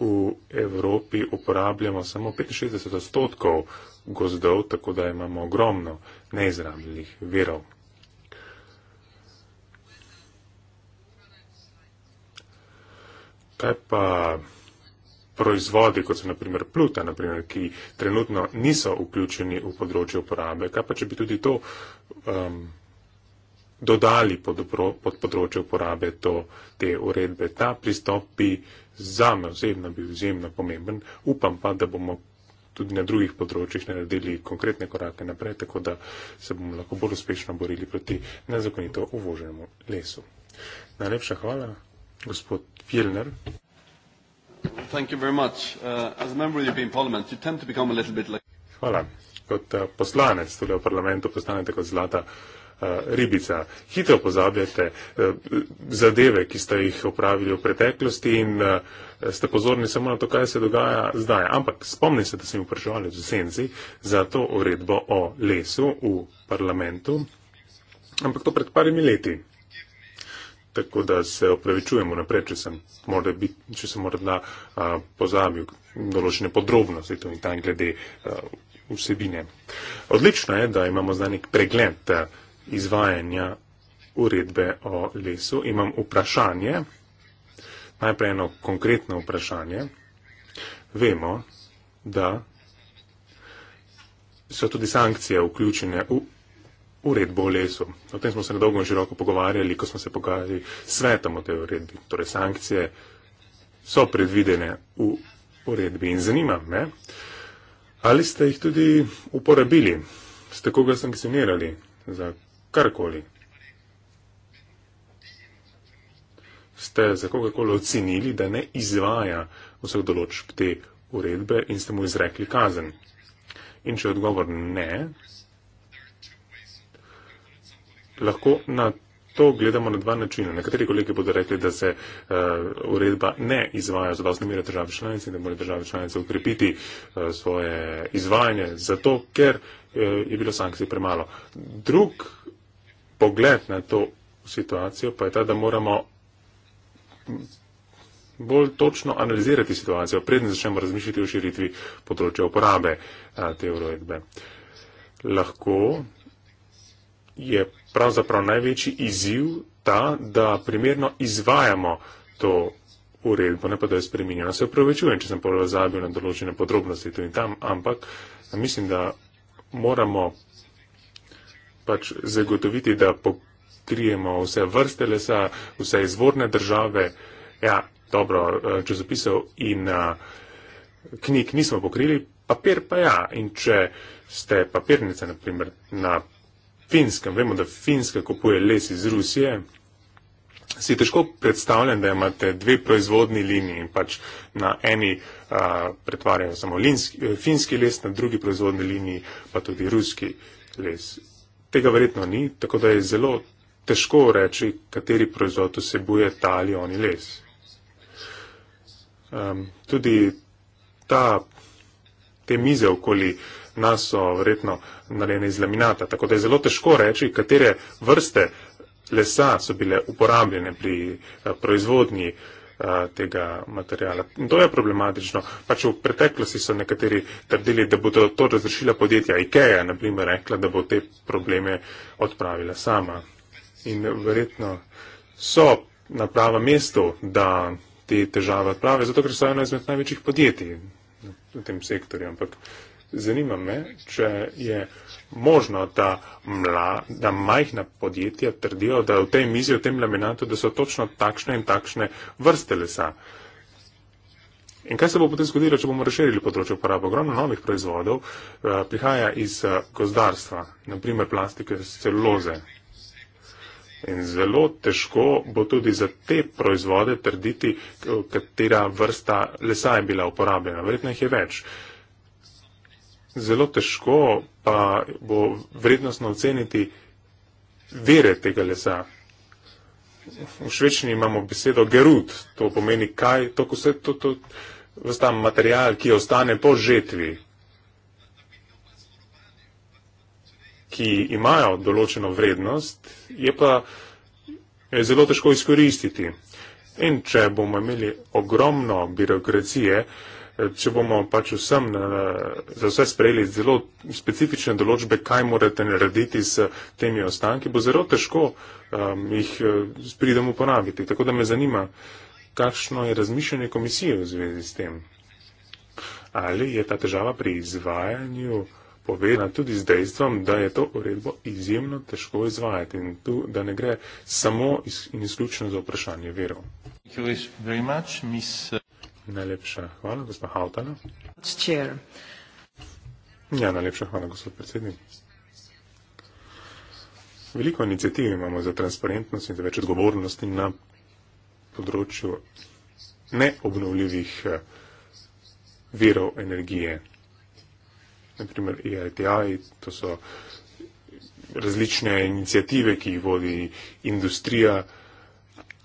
v Evropi uporabljamo samo 65 odstotkov gozdov, tako da imamo ogromno neizrabljenih virov. Kaj pa proizvodi, kot so naprimer pluta, naprimer, ki trenutno niso vključeni v področje uporabe, kaj pa če bi tudi to um, dodali pod, pod področje uporabe to, te uredbe. Ta pristop bi za me osebno bil izjemno pomemben. Upam pa, da bomo tudi na drugih področjih naredili konkretne korake naprej, tako da se bomo lahko bolj uspešno borili proti nezakonito uvoženemu lesu. Najlepša hvala, gospod Filner. Uh, hvala kot eh, poslanec tudi v parlamentu postanete kot zlata eh, ribica. Hitro pozabljate eh, zadeve, ki ste jih upravili v preteklosti in ste pozorni samo na to, kaj se dogaja zdaj. Ampak spomnite se, da sem vprašal v senci za to uredbo o lesu v parlamentu, ampak to pred parimi leti. Tako da se opravičujemo naprej, če sem morda, bit, če sem morda a, pozabil določene podrobnosti tam glede a, vsebine. Odlično je, da imamo zdaj nek pregled eh, izvajanja uredbe o lesu. Imam vprašanje, najprej eno konkretno vprašanje. Vemo, da so tudi sankcije vključene v uredbo o lesu. O tem smo se nedolgo in široko pogovarjali, ko smo se pogajali s svetom o tej uredbi. Torej, sankcije so predvidene v uredbi in zanima me, eh, Ali ste jih tudi uporabili, ste koga sankcionirali za karkoli? Ste za kogakoli ocenili, da ne izvaja vseh določb te uredbe in ste mu izrekli kazen? In če je odgovor ne, lahko na to gledamo na dva načina. Nekateri kolegi bodo rekli, da se uh, uredba ne izvaja za dosti mere države članice in da morajo države članice ukrepiti uh, eh, svoje izvajanje, zato ker uh, je bilo sankcij premalo. Drug pogled na to situacijo pa je ta, da moramo bolj točno analizirati situacijo, predtem začnemo razmišljati o širitvi področja uporabe a, te uredbe. Lahko je pravzaprav največji izziv ta, da primerno izvajamo to uredbo, ne pa da jo spreminjamo. Se upravičujem, če sem pozabil na določene podrobnosti tu in tam, ampak mislim, da moramo pač zagotoviti, da pokrijemo vse vrste lesa, vse izvorne države, ja, dobro, eh, časopisov in eh, knjig nismo pokrili, papir pa ja. In če ste papirnice, naprimer, na primer, na Finska, vemo, da Finska kupuje les iz Rusije, si težko predstavljam, da imate dve proizvodni liniji in pač na eni a, pretvarjajo samo linski, eh, finski les, na drugi proizvodni liniji pa tudi ruski les. Tega verjetno ni, tako da je zelo težko reči, kateri proizvod vsebuje ta ali oni les. Um, tudi ta, te mize okoli uh, nas so verjetno narejene iz laminata, tako da je zelo težko reči, katere vrste lesa so bile uporabljene pri eh, proizvodnji eh, tega materijala. In to je problematično. Pač v preteklosti so nekateri trdili, da bodo to razrešila podjetja IKEA, naprimer rekla, da bo te probleme odpravila sama. In verjetno so na pravem mestu, da te težave odprave, zato ker so eno izmed največjih podjetij v tem sektorju. Ampak Zanima me, če je možno, da, mla, da majhna podjetja trdijo, da v tej mizi, v tem laminatu, da so točno takšne in takšne vrste lesa. In kaj se bo potem zgodilo, če bomo razširili področje uporabe ogromno novih proizvodov, eh, prihaja iz eh, gozdarstva, naprimer plastike iz celuloze. In zelo težko bo tudi za te proizvode trditi, katera vrsta lesa je bila uporabljena. Verjetno jih je več zelo težko pa bo vrednostno oceniti vere tega lesa. V švečni imamo besedo gerud, to pomeni kaj, to vse, to, to, vse ta material, ki ostane po žetvi, ki imajo določeno vrednost, je pa je zelo težko izkoristiti. In če bomo imeli ogromno birokracije, uh, če bomo pač vsem na, eh, za vse sprejeli zelo specifične določbe, kaj morate narediti s temi ostanki, bo zelo težko um, jih eh, pridemo uporabiti. Tako da me zanima, kakšno je razmišljanje komisije v zvezi s tem. Ali je ta težava pri izvajanju povedana tudi z dejstvom, da je to uredbo izjemno težko izvajati in tu, da ne gre samo in izključno za vprašanje verov. Najlepša hvala, gospod Haltana. Ja, najlepša hvala, gospod predsednik. Veliko inicijativ imamo za transparentnost in za več odgovornosti na področju neobnovljivih eh, virov energije. Naprimer, EITI, to so različne inicijative, ki jih vodi industrija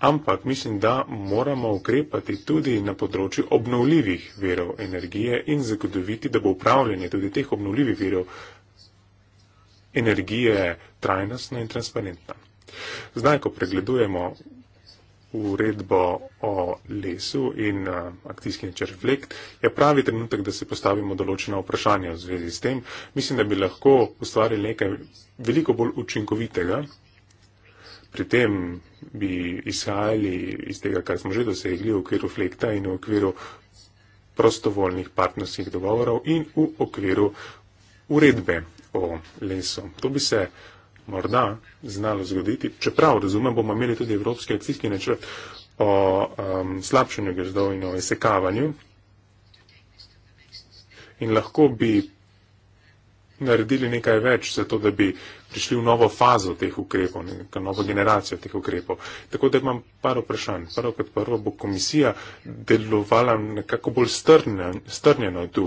ampak mislim, da moramo ukrepati tudi na področju obnovljivih verov energije in zagotoviti, da bo upravljanje tudi teh obnovljivih verov energije trajnostno in transparentno. Zdaj, ko pregledujemo uredbo o lesu in akcijski načrt Flekt, je pravi trenutek, da se postavimo določena vprašanja v zvezi s tem. Mislim, da bi lahko ustvarili nekaj veliko bolj učinkovitega Pri tem bi izhajali iz tega, kar smo že dosegli v okviru flekta in v okviru prostovoljnih partnerskih dogovorov in v okviru uredbe o lesu. To bi se morda znalo zgoditi, čeprav razumem, bomo imeli tudi evropski akcijski načrt o um, slabšanju gozdov in o esekavanju. In lahko bi naredili nekaj več za to, da bi prišli v novo fazo teh ukrepov, neko novo generacijo teh ukrepov. Tako da imam par vprašanj. Prvo kot prvo bo komisija delovala nekako bolj strnjeno tu.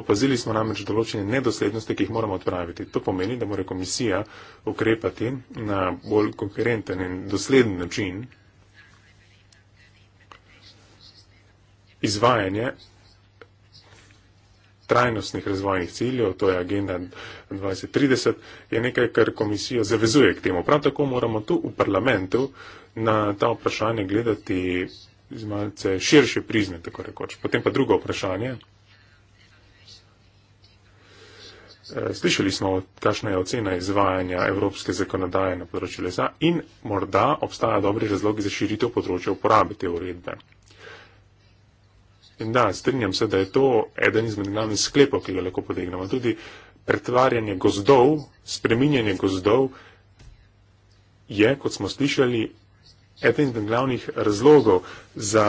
Opazili smo namreč določene nedoslednosti, ki jih moramo odpraviti. To pomeni, da mora komisija ukrepati na bolj konkurenten in dosleden način izvajanje trajnostnih razvojnih ciljev, to je agenda 2030, je nekaj, kar komisijo zavezuje k temu. Prav tako moramo tu v parlamentu na ta vprašanje gledati iz malce širše prizme, tako rekoč. Potem pa drugo vprašanje. Eh, slišali smo, kakšna je ocena izvajanja evropske zakonodaje na področju lesa in morda obstaja dobri razlogi za širitev področja uporabe te uredbe. In da, strinjam se, da je to eden izmed glavnih sklepov, ki ga lahko potegnemo. Tudi pretvarjanje gozdov, spreminjanje gozdov je, kot smo slišali, eden izmed glavnih razlogov za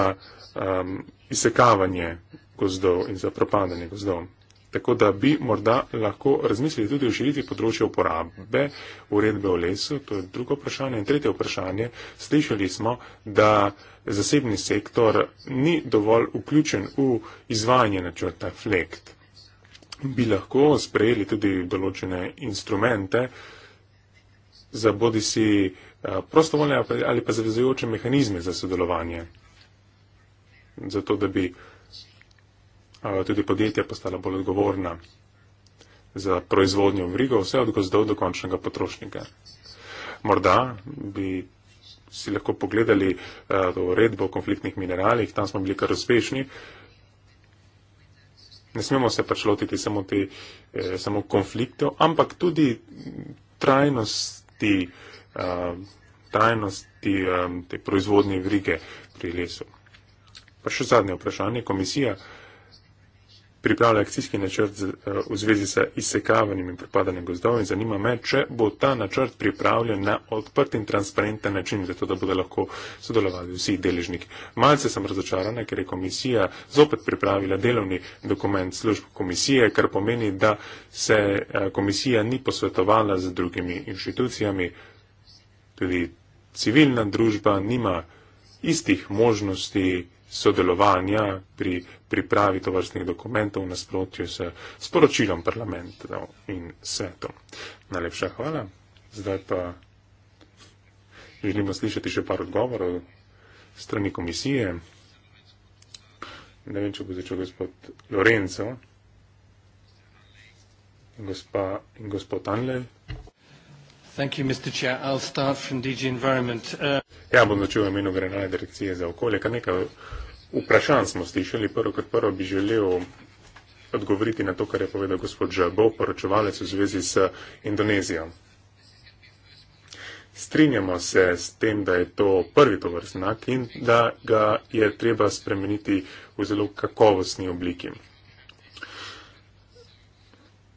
um, izsekavanje gozdov in za propadanje gozdov. Tako da bi morda lahko razmislili tudi o širitvi področja uporabe uredbe o lesu. To je drugo vprašanje. In tretje vprašanje. Slišali smo, da zasebni sektor ni dovolj vključen v izvajanje načrta FLEKT. Bi lahko sprejeli tudi določene instrumente za bodi si eh, prostovoljne ali pa zavezujoče mehanizme za sodelovanje. Zato, da bi tudi podjetja postala bolj odgovorna za proizvodnjo vrigo, vse od gozdov do končnega potrošnika. Morda bi si lahko pogledali eh, to uredbo o konfliktnih mineralih, tam smo bili kar uspešni. Ne smemo se pač lotiti samo, te, eh, samo konfliktov, ampak tudi trajnosti, eh, trajnosti te proizvodnje vrige pri lesu. Pa še zadnje vprašanje. Komisija uh, pripravlja akcijski načrt eh, v zvezi s izsekavanjem in propadanjem gozdov in zanima me, če bo ta načrt pripravljen na odprt in transparenten način, zato da bodo lahko sodelovali vsi deležniki. Malce sem razočarana, ker je komisija zopet pripravila delovni dokument služb komisije, kar pomeni, da se eh, komisija ni posvetovala z drugimi inštitucijami, tudi civilna družba nima istih možnosti sodelovanja pri pripravi tovrstnih dokumentov v nasprotju s sporočilom parlamentov in svetom. Najlepša hvala. Zdaj pa želimo slišati še par odgovorov strani komisije. Ne vem, če bo začel gospod Lorenzo. Gospa in gospod Anle. Thank you, Mr. Chair. I'll start from DG Environment. Uh... Ja, bom začel v imenu Grenade direkcije za okolje. Kar nekaj vprašanj smo slišali. Prvo kot prvo bi želel odgovoriti na to, kar je povedal gospod Žabo, poročevalec v zvezi s Indonezijo. Strinjamo se s tem, da je to prvi tovrstnak in da ga je treba spremeniti v zelo kakovostni obliki.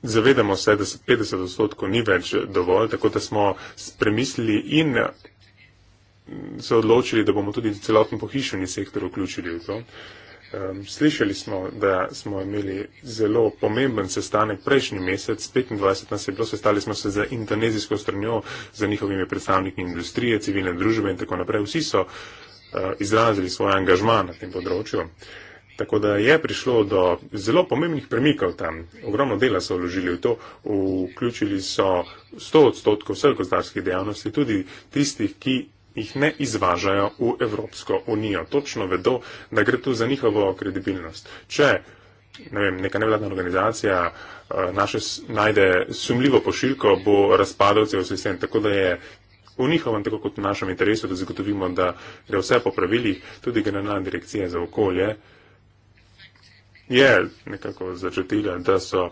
Zavedamo se, da se 50 odstotkov ni več dovolj, tako da smo spremislili in mm, se odločili, da bomo tudi celotni pohišeni sektor vključili v to. Ehm, slišali smo, da smo imeli zelo pomemben sestanek prejšnji mesec, 25 nas je bilo, sestali smo se za indonezijsko stranjo, za njihovimi predstavniki industrije, civilne družbe in tako naprej. Vsi so eh, izrazili svoje angažma na tem področju. Tako da je prišlo do zelo pomembnih premikov tam. Ogromno dela so vložili v to, vključili so 100 odstotkov vseh gozdarskih dejavnosti, tudi tistih, ki jih ne izvažajo v Evropsko unijo. Točno vedo, da gre tu za njihovo kredibilnost. Če ne vem, neka nevladna organizacija eh, naše, najde sumljivo pošiljko, bo razpadal cel sistem. Tako da je v njihovem, tako kot v našem interesu, da zagotovimo, da gre vse po pravilih, tudi generalna direkcija za okolje je nekako začutila, da so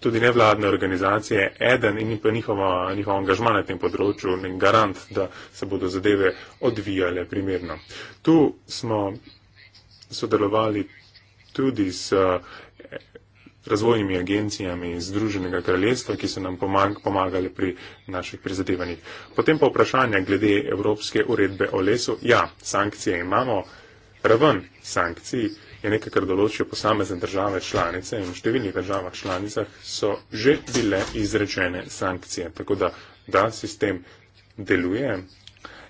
tudi nevladne organizacije eden in pa njihova, njihova angažma na tem področju in garant, da se bodo zadeve odvijale primerno. Tu smo sodelovali tudi s eh, razvojnimi agencijami iz Združenega kraljestva, ki so nam pomagali pri naših prizadevanjih. Potem pa vprašanja glede Evropske uredbe o lesu. Ja, sankcije imamo raven sankcij je nekaj, kar določijo posamezne države članice in v številnih državah članicah so že bile izrečene sankcije. Tako da, da sistem deluje.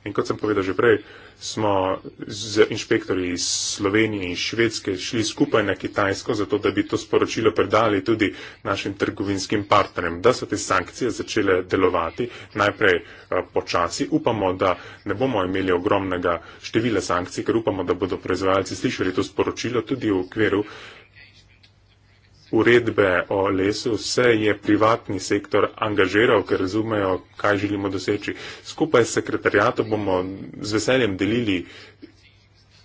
In kot sem povedal že prej, smo z inšpektori iz Slovenije in Švedske šli skupaj na Kitajsko, zato da bi to sporočilo predali tudi našim trgovinskim partnerjem, da so te sankcije začele delovati najprej eh, počasi. Upamo, da ne bomo imeli ogromnega števila sankcij, ker upamo, da bodo proizvajalci slišali to sporočilo tudi v okviru uredbe o lesu, se je privatni sektor angažiral, ker razumejo, kaj želimo doseči. Skupaj s sekretarjatom bomo z veseljem delili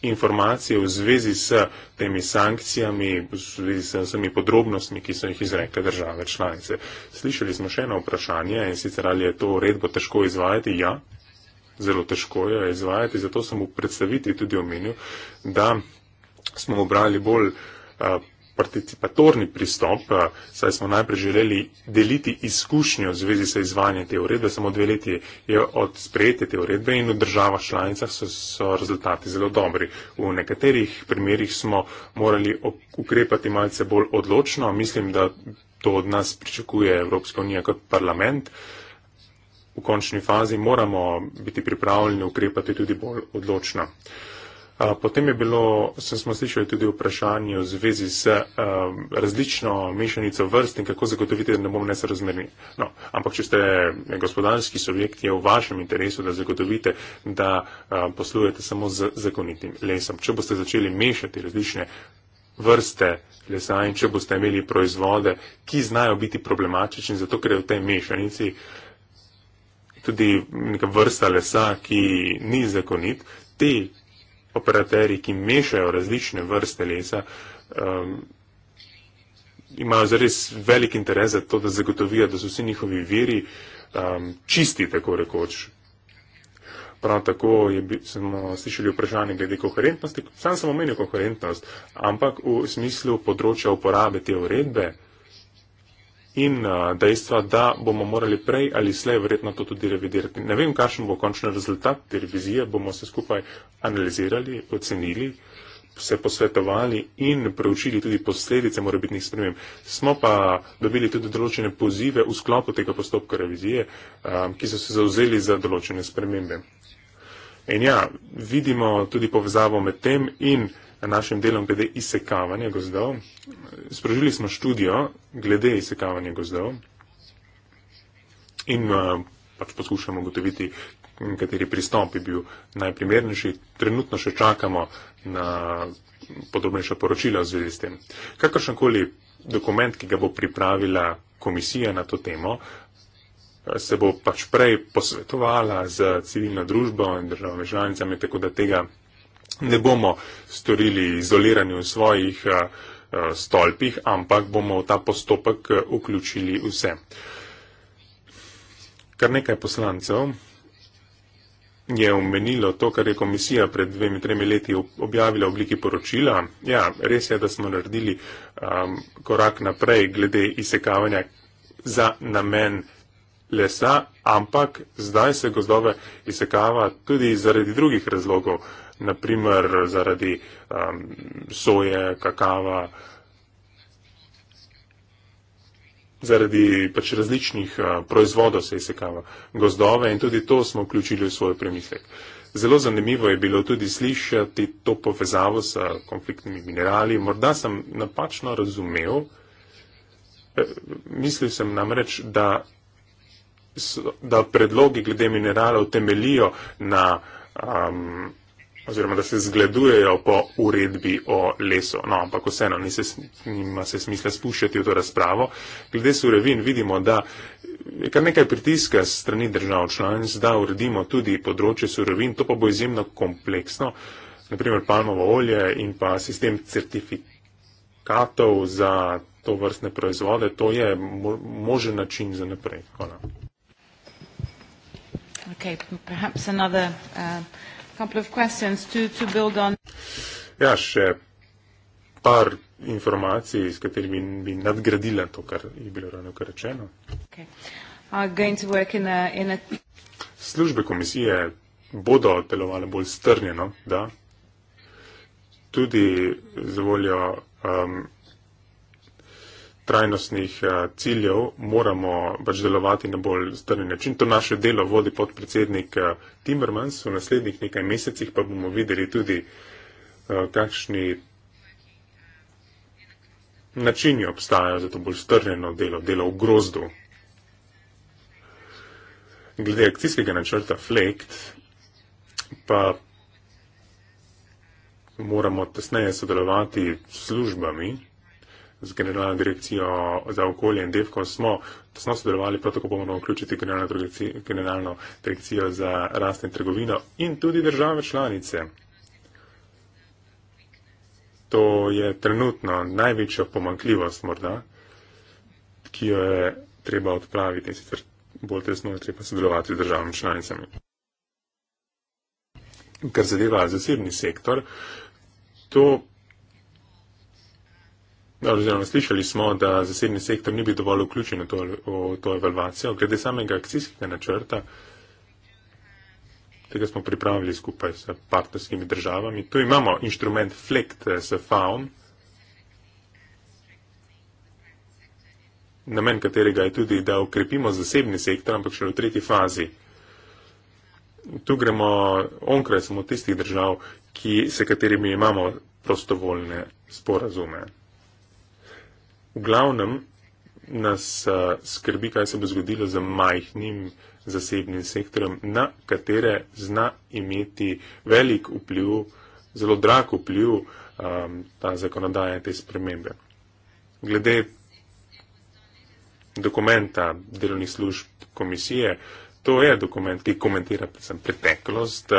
informacije v zvezi s temi sankcijami, v zvezi s vsemi podrobnostmi, ki so jih izrekle države članice. Slišali smo še eno vprašanje in sicer ali je to uredbo težko izvajati. Ja, zelo težko jo je izvajati, zato sem v predstavitvi tudi omenil, da smo obrali bolj eh, participatorni pristop, eh, saj smo najprej želeli deliti izkušnjo v zvezi s izvajanjem te uredbe, samo dve leti je od sprejete te uredbe in v državah članicah so, so rezultati zelo dobri. V nekaterih primerjih smo morali ukrepati malce bolj odločno, mislim, da to od nas pričakuje Evropska unija kot parlament. V končni fazi moramo biti pripravljeni ukrepati tudi bolj odločno. Uh, Potem je bilo, sem smo slišali tudi vprašanje v zvezi z um, različno mešanico vrst in kako zagotoviti, da ne bomo nesrazmerni. No, ampak če ste gospodarski subjekt, je v vašem interesu, da zagotovite, da um, poslujete samo z zakonitim lesom. Če boste začeli mešati različne vrste lesa in če boste imeli proizvode, ki znajo biti problematični, zato ker je v tej mešanici tudi neka vrsta lesa, ki ni zakonit, te operateri, ki mešajo različne vrste lesa, um, imajo zares velik interes za to, da zagotovijo, da so vsi njihovi viri um, čisti, tako rekoč. Prav tako je, smo slišali vprašanje glede koherentnosti. Sam sem omenil koherentnost, ampak v smislu področja uporabe te uredbe in dejstva, da bomo morali prej ali slej verjetno to tudi revidirati. Ne vem, kakšen bo končni rezultat te revizije, bomo se skupaj analizirali, ocenili, se posvetovali in preučili tudi posledice morebitnih sprememb. Smo pa dobili tudi določene pozive v sklopu tega postopka revizije, ki so se zauzeli za določene spremembe. In ja, vidimo tudi povezavo med tem in našim delom glede izsekavanja gozdov. Sprožili smo študijo glede izsekavanja gozdov in eh, pač poskušamo ugotoviti, kateri pristop je bil najprimernejši. Trenutno še čakamo na podrobnejša poročila v zvezi s tem. Kakršenkoli dokument, ki ga bo pripravila komisija na to temo, eh, se bo pač prej posvetovala z civilno družbo in državami članicami, tako da tega ne bomo storili izolirani v svojih eh, eh, stolpih, ampak bomo v ta postopek eh, vključili vse. Kar nekaj poslancev je omenilo to, kar je komisija pred dvemi, tremi leti objavila v obliki poročila. Ja, res je, da smo naredili um, korak naprej glede izsekavanja za namen lesa, ampak zdaj se gozdove izsekava tudi zaradi drugih razlogov naprimer zaradi um, soje, kakava, zaradi pač različnih uh, proizvodov se izsekava gozdove in tudi to smo vključili v svoj premislek. Zelo zanimivo je bilo tudi slišati to povezavo s uh, konfliktnimi minerali. Morda sem napačno razumel, eh, mislil sem namreč, da, da predlogi glede mineralov temelijo na um, oziroma da se zgledujejo po uredbi o lesu. No, ampak vseeno, se, nima se smisla spuščati v to razpravo. Glede surevin vidimo, da je kar nekaj pritiska strani držav članic, da uredimo tudi področje surevin, to pa bo izjemno kompleksno, naprimer palmovo olje in pa sistem certifikatov za to vrstne proizvode, to je možen način za naprej. Hvala. Okay, perhaps another uh, couple of questions to, to build on. Ja, še par informacij, s katerimi bi nadgradila to, kar je bilo ravno kar rečeno. Okay. In a, in a... Službe komisije bodo delovale bolj strnjeno, da. Tudi za voljo um, trajnostnih eh, ciljev moramo pač delovati na bolj strni način. To naše delo vodi podpredsednik eh, Timmermans. V naslednjih nekaj mesecih pa bomo videli tudi, eh, kakšni načini obstajajo za to bolj strneno delo, delo v grozdu. Glede akcijskega načrta FLEKT pa moramo tesneje sodelovati s službami, z generalno direkcijo za okolje in defko smo tesno sodelovali, prav tako bomo vključiti generalno direkcijo, generalno direkcijo za rast in trgovino in tudi države članice. To je trenutno največja pomankljivost morda, ki jo je treba odpraviti in sicer bolj tesno je treba sodelovati z državami članicami. Kar zadeva zasebni sektor, to Ja, oziroma, slišali smo, da zasebni sektor ni bil dovolj vključen v to, v to evalvacijo. Glede samega akcijskega načrta, tega smo pripravili skupaj s partnerskimi državami. Tu imamo inštrument FLECT eh, s FAUM, namen katerega je tudi, da ukrepimo zasebni sektor, ampak še v tretji fazi. Tu gremo onkraj samo tistih držav, ki, se katerimi imamo prostovoljne sporazume glavnem nas skrbi, kaj se bo zgodilo z majhnim zasebnim sektorem, na katere zna imeti velik vpliv, zelo drag vpliv um, ta zakonodaja in te spremembe. Glede dokumenta delovnih služb komisije, to je dokument, ki komentira predvsem preteklost,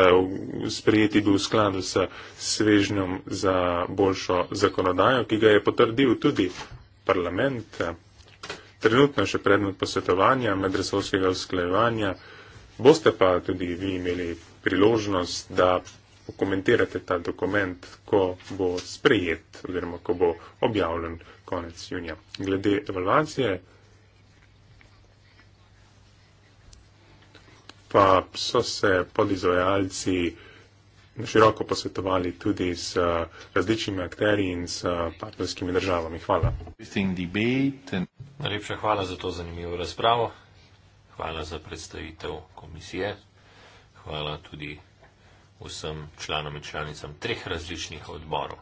sprejeti bil v skladu s svežnjom za boljšo zakonodajo, ki ga je potrdil tudi parlament. Trenutno še predmet posvetovanja, medresovskega usklajevanja. Boste pa tudi vi imeli priložnost, da pokomentirate ta dokument, ko bo sprejet oziroma ko bo objavljen konec junija. Glede evalvacije pa so se podizvajalci široko posvetovali tudi s eh, različnimi akteri in s eh, partnerskimi državami. Hvala. Najlepša hvala za to zanimivo razpravo. Hvala za predstavitev komisije. Hvala tudi vsem članom in članicam treh različnih odborov.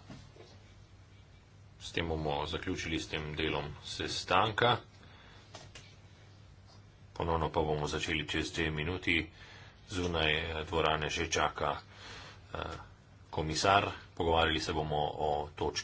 S tem bomo zaključili s tem delom sestanka. Ponovno pa bomo začeli čez dve minuti. Zunaj eh, dvorane že čaka Eh, komisar, pogovarjali se bomo o točki.